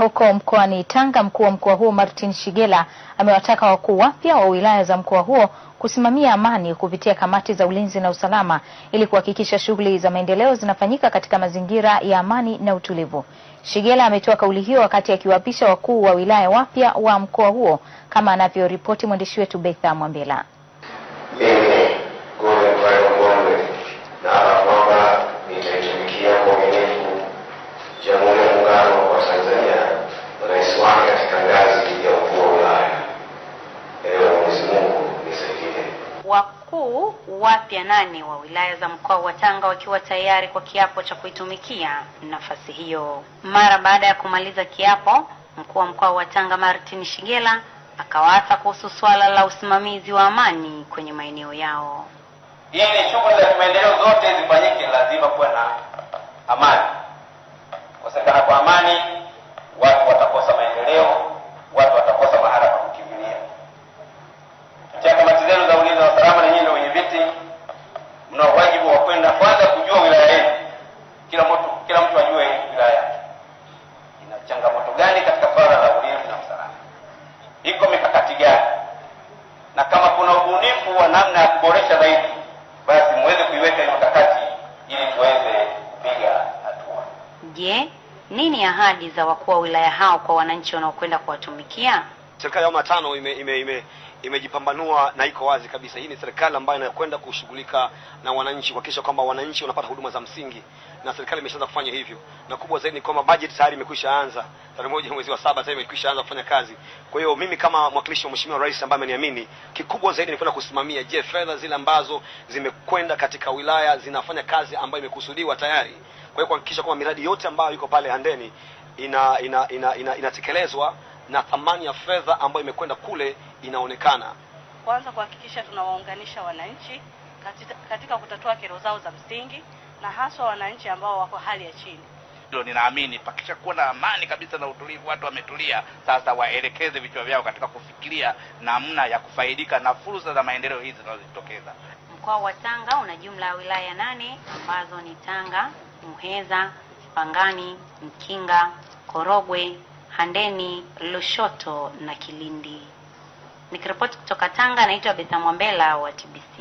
Huko mkoani Tanga, mkuu wa mkoa huo Martin Shigela amewataka wakuu wapya wa wilaya za mkoa huo kusimamia amani kupitia kamati za ulinzi na usalama ili kuhakikisha shughuli za maendeleo zinafanyika katika mazingira ya amani na utulivu. Shigela ametoa kauli hiyo wakati akiwaapisha wakuu wa wilaya wapya wa mkoa huo kama anavyoripoti mwandishi wetu Betha Mwambela. Eh, Wakuu wapya nane wa wilaya za mkoa wa Tanga wakiwa tayari kwa kiapo cha kuitumikia nafasi hiyo. Mara baada ya kumaliza kiapo, mkuu wa mkoa wa Tanga Martin Shigela akawaasa kuhusu swala la usimamizi wa amani kwenye maeneo yao. Ili shughuli za kimaendeleo zote zifanyike, lazima kuwa na amani. changamoto gani katika swala la ulinzi na usalama, iko mikakati gani, na kama kuna ubunifu wa namna ya kuboresha zaidi, basi mweze kuiweka hiyo mikakati ili tuweze kupiga hatua. Je, nini ahadi za wakuu wa wilaya hao kwa wananchi wanaokwenda kuwatumikia? Serikali ya awamu ya tano ime, ime, ime imejipambanua na iko wazi kabisa. Hii ni serikali ambayo inakwenda kushughulika na wananchi kuhakikisha kwamba wananchi wanapata huduma za msingi, na serikali imeshaanza kufanya hivyo, na kubwa zaidi ni kwamba budget tayari imekwisha anza tarehe moja mwezi wa saba tayari imekwisha anza kufanya kazi. Kwa hiyo mimi kama mwakilishi wa mheshimiwa rais ambaye ameniamini, kikubwa zaidi ni kwenda kusimamia, je, fedha zile ambazo zimekwenda katika wilaya zinafanya kazi ambayo imekusudiwa tayari. Kwa hiyo kuhakikisha kwamba miradi yote ambayo iko pale Handeni ina inatekelezwa ina, ina, ina na thamani ya fedha ambayo imekwenda kule inaonekana. Kwanza kuhakikisha tunawaunganisha wananchi katika, katika kutatua kero zao za msingi na haswa wananchi ambao wako hali ya chini. Hilo ninaamini pakisha kuwa na amani kabisa na utulivu, watu wametulia sasa, waelekeze vichwa vyao katika kufikiria namna ya kufaidika na fursa za maendeleo hizi zinazojitokeza. Mkoa wa Tanga una jumla ya wilaya nane ambazo ni Tanga, Muheza, Pangani, Mkinga, Korogwe, Handeni, Lushoto na Kilindi. Nikiripoti kutoka Tanga, naitwa Betha Mwambela wa TBC.